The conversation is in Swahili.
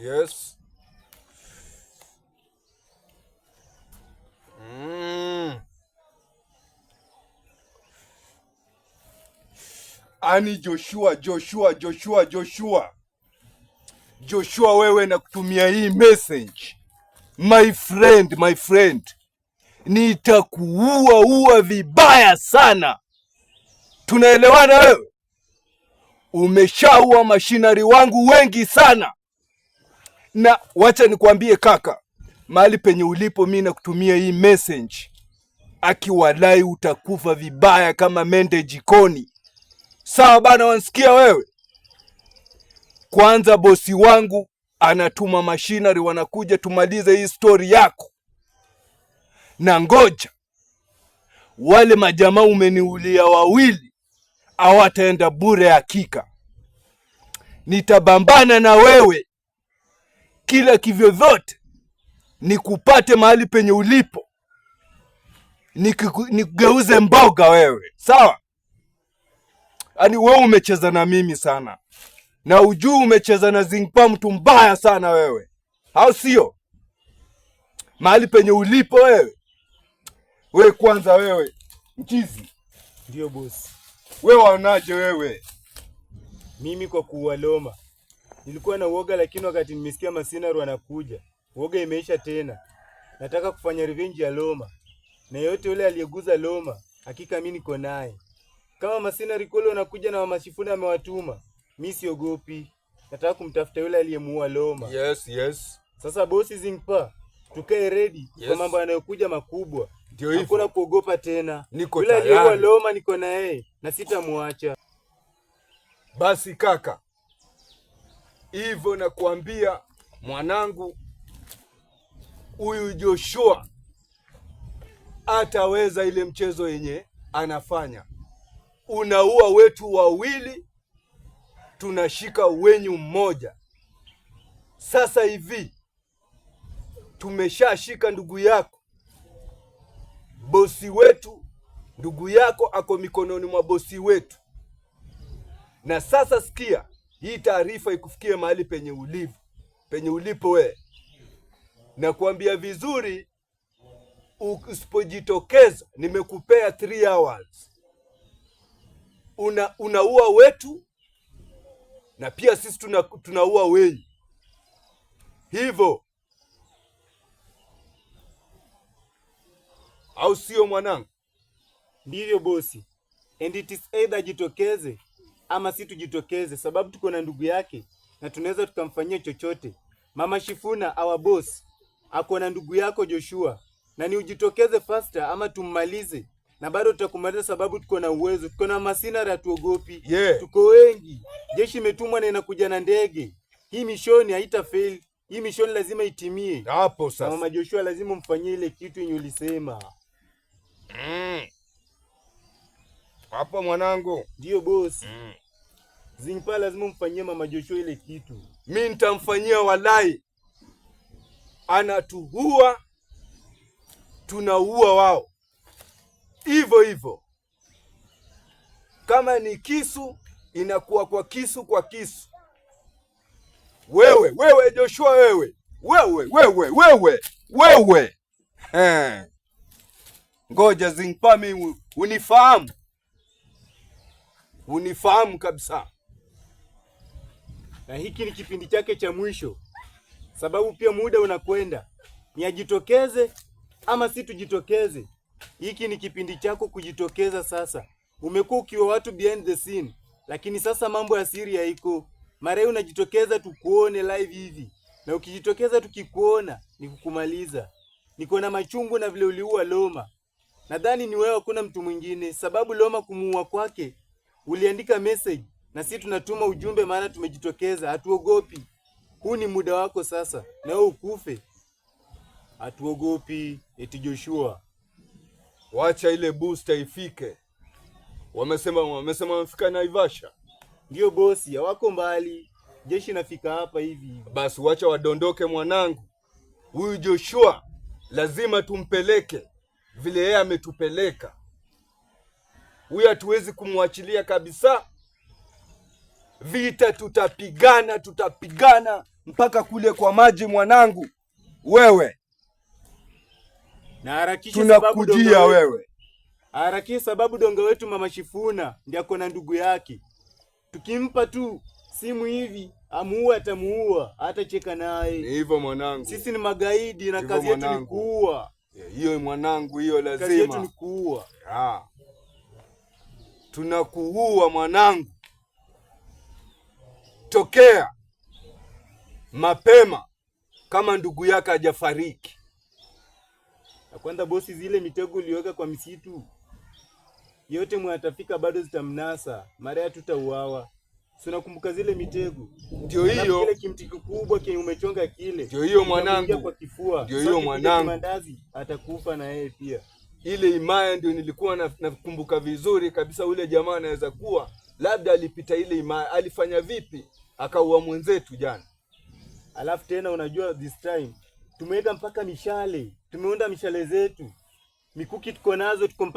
Yes. Mm. Ani Joshua, Joshua, Joshua, Joshua. Joshua wewe nakutumia hii message. My friend, my friend. Nitakuua ua vibaya sana. Tunaelewana wewe? Umeshaua mashinari wangu wengi sana na wacha nikuambie kaka, mahali penye ulipo, mi nakutumia hii message. Akiwalai utakufa vibaya kama mende jikoni. Sawa bana, wansikia wewe? Kwanza bosi wangu anatuma mashinari, wanakuja tumalize hii stori yako, na ngoja wale majamaa umeniulia wawili hawataenda bure. Hakika nitabambana na wewe kila kivyovyote nikupate mahali penye ulipo, nikugeuze mboga wewe, sawa? Yaani wewe umecheza na mimi sana, na ujuu umecheza na Zingpa, mtu mbaya sana wewe, au sio? Mahali penye ulipo wewe, we kwanza wewe mchizi. Ndio bosi. We waonaje wewe mimi kwa kuwaloma Nilikuwa na uoga lakini wakati nimesikia Masinaru anakuja, uoga imeisha tena. Nataka kufanya revenge ya Loma. Na yote yule aliyeguza Loma, hakika mimi niko naye. Kama Masinaru kule wanakuja na Mamashifuna amewatuma, mimi siogopi. Nataka kumtafuta yule aliyemuua Loma. Yes, yes. Sasa bosi Zingpa, tukae ready yes, kwa mambo yanayokuja makubwa. Ndio hivyo. Hakuna kuogopa tena. Niko tayari. Yule aliyemuua Loma niko naye na sitamwacha. Basi kaka, hivyo kuambia mwanangu, huyu Joshua ataweza ile mchezo yenye anafanya. Unaua wetu wawili, tunashika wenyu mmoja. Sasa hivi tumeshashika ndugu yako, bosi wetu. Ndugu yako ako mikononi mwa bosi wetu, na sasa sikia hii taarifa ikufikie mahali penye ulivu, penye ulipo we, na kuambia vizuri, usipojitokeza nimekupea 3 hours una unaua wetu na pia sisi tuna, tunaua wenyu. Hivyo au sio, mwanangu? Ndivyo bosi, and it is either jitokeze ama si tujitokeze, sababu tuko na ndugu yake na tunaweza tukamfanyia chochote. Mama Shifuna our boss ako na ndugu yako Joshua, na ni ujitokeze faster ama tummalize, na bado tutakumaliza sababu tuko na uwezo, tuko na masinara, hatuogopi yeah. Tuko wengi, jeshi imetumwa na inakuja na ndege. Hii mishoni haita fail, hii mishoni lazima itimie. Hapo sasa, mama Joshua lazima umfanyie ile kitu yenye ulisema mm. Hapo mwanangu. Ndio bosi. Mm. Zingpa lazima mfanyie mama Joshua ile kitu. Mimi nitamfanyia walai. anatuhua tunaua wao hivyo hivyo. Kama ni kisu, inakuwa kwa kisu kwa kisu. Wewe wewe Joshua, wewe wewe wewe wewe wewe, ngoja Zingpa, mimi unifahamu unifahamu kabisa, na hiki ni kipindi chake cha mwisho, sababu pia muda unakwenda. Niajitokeze ama si tujitokeze? Hiki ni kipindi chako kujitokeza sasa. Umekuwa ukiwa watu behind the scene, lakini sasa mambo ya siri haiko. Mara hii unajitokeza tukuone live hivi, na ukijitokeza tukikuona ni kukumaliza. Niko na machungu na vile uliua Loma, nadhani ni wewe, hakuna mtu mwingine, sababu Loma kumuua kwake uliandika message na sisi tunatuma ujumbe, maana tumejitokeza, hatuogopi. Huu ni muda wako sasa, nawe ukufe. Hatuogopi eti Joshua, wacha ile booster ifike. Wamesema wamesema wamefika Naivasha. Ndiyo bosi, hawako mbali, jeshi nafika hapa hivi. Basi wacha wadondoke, mwanangu. Huyu Joshua lazima tumpeleke vile yeye ametupeleka huyo hatuwezi kumwachilia kabisa. Vita tutapigana, tutapigana mpaka kule kwa maji. Mwanangu wewe, na tunakujia wewe, harakisha sababu donga wetu mama Shifuna ndiye akona ndugu yake. Tukimpa tu simu hivi amuua, atamuua, atacheka naye. Ni hivyo mwanangu, sisi ni magaidi na kazi yetu ni kuua. Hiyo mwanangu, hiyo lazima, kazi yetu ni kuua tunakuua mwanangu, tokea mapema kama ndugu yake hajafariki. Na kwanza bosi, zile mitego uliweka kwa misitu yote mwatafika bado zitamnasa, mara tutauawa Si unakumbuka zile mitego? Ndio hiyo, kile kimti kikubwa kenye umechonga kile. Ndio hiyo mwanangu, ndio hiyo mwanangu, atakufa na yeye pia ile imaya ndio nilikuwa nakumbuka na vizuri kabisa, ule jamaa anaweza kuwa labda alipita ile imaya Alifanya vipi akaua mwenzetu jana? Alafu tena unajua, this time tumeenda mpaka mishale, tumeunda mishale zetu, mikuki tuko nazo, tuko mpaka